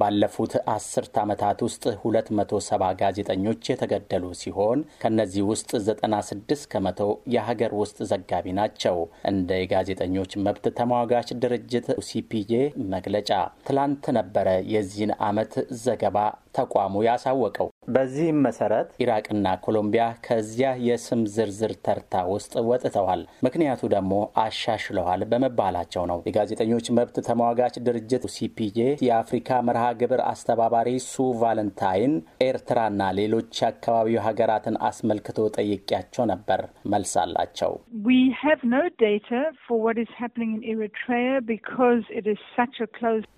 ባለፉት አስርት ዓመታት ውስጥ 270 ጋዜጠኞች የተገደሉ ሲሆን ከእነዚህ ውስጥ 96 ከመቶ የሀገር ውስጥ ዘጋቢ ናቸው። እንደ የጋዜጠኞች መብት ተሟጋች ድርጅት ሲፒጄ መግለጫ ትላንት ነበረ የዚህን ዓመት ዘገባ ተቋሙ ያሳወቀው። በዚህም መሰረት ኢራቅና ኮሎምቢያ ከዚያ የስም ዝርዝር ተርታ ውስጥ ወጥተዋል። ምክንያቱ ደግሞ አሻሽለዋል በመባላቸው ነው። የጋዜጠኞች መብት ተሟጋች ድርጅት ሲፒጄ የአፍሪካ መርሃ ግብር አስተባባሪ ሱ ቫለንታይን ኤርትራና ሌሎች አካባቢው ሀገራትን አስመልክቶ ጠይቂያቸው ነበር። መልስ አላቸው።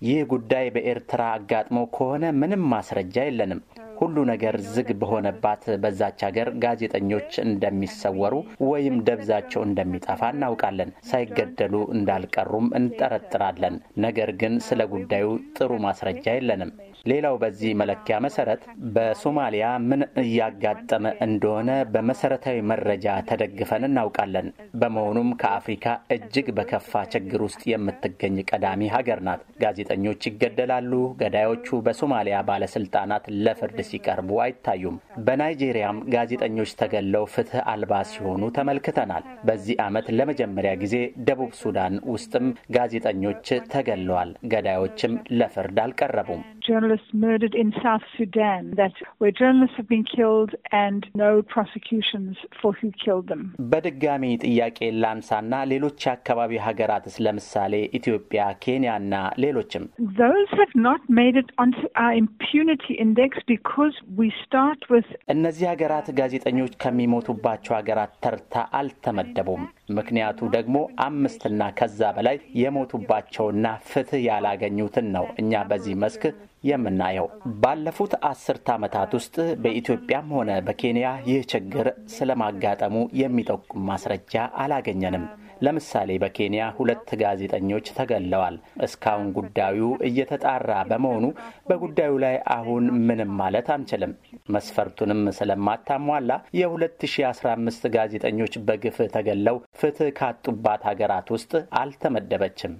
ይህ ጉዳይ በኤርትራ አጋጥሞ ከሆነ ምንም ማስረጃ የለንም ሁሉ ነገር ዝግ በሆነባት በዛች ሀገር ጋዜጠኞች እንደሚሰወሩ ወይም ደብዛቸው እንደሚጠፋ እናውቃለን። ሳይገደሉ እንዳልቀሩም እንጠረጥራለን። ነገር ግን ስለ ጉዳዩ ጥሩ ማስረጃ የለንም። ሌላው በዚህ መለኪያ መሰረት በሶማሊያ ምን እያጋጠመ እንደሆነ በመሰረታዊ መረጃ ተደግፈን እናውቃለን። በመሆኑም ከአፍሪካ እጅግ በከፋ ችግር ውስጥ የምትገኝ ቀዳሚ ሀገር ናት። ጋዜጠኞች ይገደላሉ፣ ገዳዮቹ በሶማሊያ ባለስልጣናት ለፍርድ ሲቀርቡ ሲያቀርቡ አይታዩም። በናይጄሪያም ጋዜጠኞች ተገለው ፍትህ አልባ ሲሆኑ ተመልክተናል። በዚህ ዓመት ለመጀመሪያ ጊዜ ደቡብ ሱዳን ውስጥም ጋዜጠኞች ተገለዋል። ገዳዮችም ለፍርድ አልቀረቡም። journalists murdered in South Sudan, that where journalists have been killed and no prosecutions for who killed them. በድጋሚ ጥያቄ ላንሳና ሌሎች አካባቢ ሀገራትስ ለምሳሌ ኢትዮጵያ፣ ኬንያ ኬንያና ሌሎችም those have not made it onto our impunity index because we start with እነዚህ ሀገራት ጋዜጠኞች ከሚሞቱባቸው ሀገራት ተርታ አልተመደቡም። ምክንያቱ ደግሞ አምስትና ከዛ በላይ የሞቱባቸውና ፍትህ ያላገኙትን ነው እኛ በዚህ መስክ የምናየው። ባለፉት አስርት ዓመታት ውስጥ በኢትዮጵያም ሆነ በኬንያ ይህ ችግር ስለማጋጠሙ የሚጠቁም ማስረጃ አላገኘንም። ለምሳሌ በኬንያ ሁለት ጋዜጠኞች ተገለዋል። እስካሁን ጉዳዩ እየተጣራ በመሆኑ በጉዳዩ ላይ አሁን ምንም ማለት አንችልም። መስፈርቱንም ስለማታሟላ የ2015 ጋዜጠኞች በግፍ ተገለው ፍትህ ካጡባት ሀገራት ውስጥ አልተመደበችም።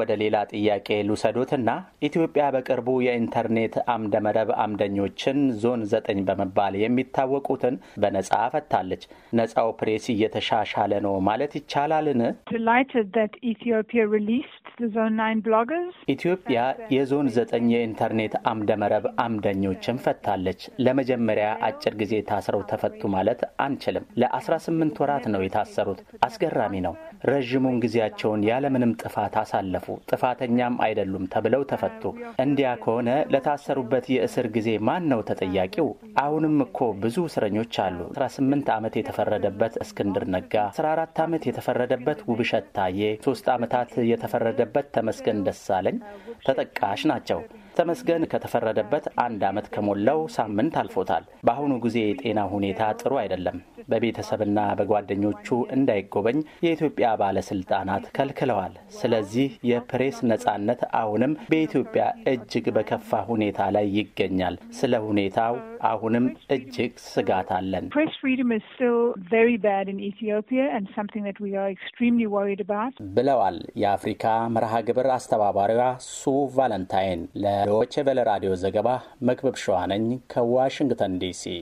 ወደ ሌላ ጥያቄ ልውሰዶትና ኢትዮጵያ በቅርቡ የኢንተርኔት አምደ መረብ አምደኞችን ዞን ዘጠኝ በመባል የሚታወቁትን በነጻ ፈታለች። ነጻው ፕሬስ እየተሻሻለ ነው ማለት ይቻላልን? ኢትዮጵያ የዞን ዘጠኝ የኢንተርኔት አምደ መረብ አምደኞችን ፈታለች። ለመጀመሪያ አጭር ጊዜ ታስረው ተፈቱ ማለት አንችልም። ለ18 ወራት ነው የታሰሩት። አስገራሚ ነው። ረዥሙን ጊዜያቸውን ያለምንም ጥፋት አሳለፉ። ጥፋተኛም አይደሉም ተብለው ተፈቱ። እንዲያ ከሆነ ለታሰሩበት የእስር ጊዜ ማን ነው ተጠያቂው? አሁንም እኮ ብዙ እስረኞች አሉ። 18 ዓመት የተፈረደበት እስክንድር እስክንድር ነጋ፣ 14 ዓመት የተፈረደበት ውብሸት ታዬ፣ ሶስት ዓመታት የተፈረደበት ተመስገን ደሳለኝ ተጠቃሽ ናቸው። ተመስገን ከተፈረደበት አንድ ዓመት ከሞላው ሳምንት አልፎታል። በአሁኑ ጊዜ የጤና ሁኔታ ጥሩ አይደለም። በቤተሰብና በጓደኞቹ እንዳይጎበኝ የኢትዮጵያ ባለስልጣናት ከልክለዋል። ስለዚህ የፕሬስ ነጻነት አሁንም በኢትዮጵያ እጅግ በከፋ ሁኔታ ላይ ይገኛል። ስለ ሁኔታው አሁንም እጅግ ስጋት አለን። ብለዋል የአፍሪካ መርሃ ግብር አስተባባሪዋ ሱ ቫለንታይን ለዶቼ ቬለ ራዲዮ ዘገባ መክበብ ሸዋነኝ ከዋሽንግተን ዲሲ